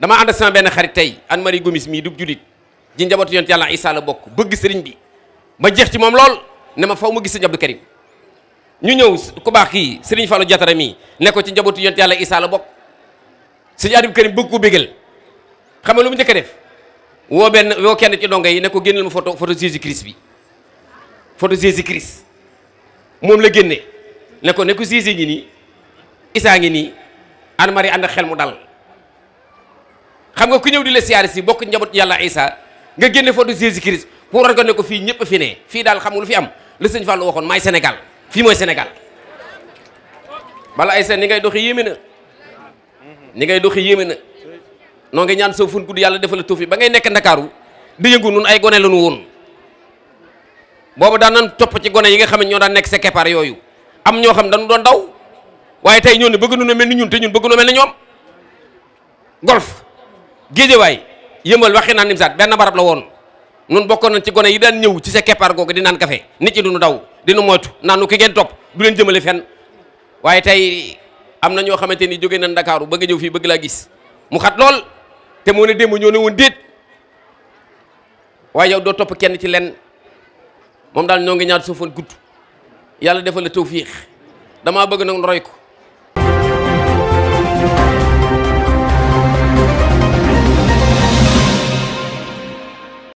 dama ànd sama benn xarit tey Anne Marie Gomis mii du julit ji njabootu yonent yàlla Isaa la bokk bëgg sëriñ bi ma jeex ci moom lool ne ma faw ma gis sëriñ Abdou Karim ñu ñëw ku baax kii sëriñ Fallou Diatara mii ne ci njabootu yonent yàlla Isaa la bokk sëriñ Abdou Karim bëgg ko bégal xam nga lu mu njëkk def woo benn woo kenn ci donga yi ne ko génneel ma photo photo Jésus Christ bi photo Jésus Christ moom la génne ne ko ne ko Jésus ngi nii Isaa ngi nii Anne ànd xel mu dal xam nga ku ñëw di la siyaare si bokk njaboot yàlla Isa nga génne photo Jésus Christ pour war ko ne ko fii ñëpp fi ne fii daal xam nga lu fi am la sëñ Fallou waxoon maay Sénégal fii mooy Sénégal bala Isa ni ngay doxi yéeme na ni ngay doxi yéeme na noo ngi ñaan sa fun gudd yàlla defala la ba ngay nekk Ndakaaru di yëngu nun ay gone la ñu woon boobu daan nan topp ci gone yi nga xam ne ñoo daan nekk sa keppaar yooyu am ñoo xam dañu doon daw waaye tey ñoo bëgg nu ne mel ni ñun bëgg nu mel ni ñoom géejewaay yëmbal waxi naan nimsaat benn barab la woon nun bokkoon nañ ci gone yi daan ñëw ci sa keppaar googu di naan café nit ñi duñu daw dinu moytu naan ki ngeen topp du leen jëmale fenn waaye tey am na ñoo xamante ni jóge nañ Ndakaaru bëgg ñëw fii bëgg laa gis mu xat lool te moo ne démb ñoo ne woon déet waaye yow doo topp kenn ci lenn moom daal ñoo ngi ñaar suufan gudd yàlla defal la tawfiix damaa bëgg nag roy ko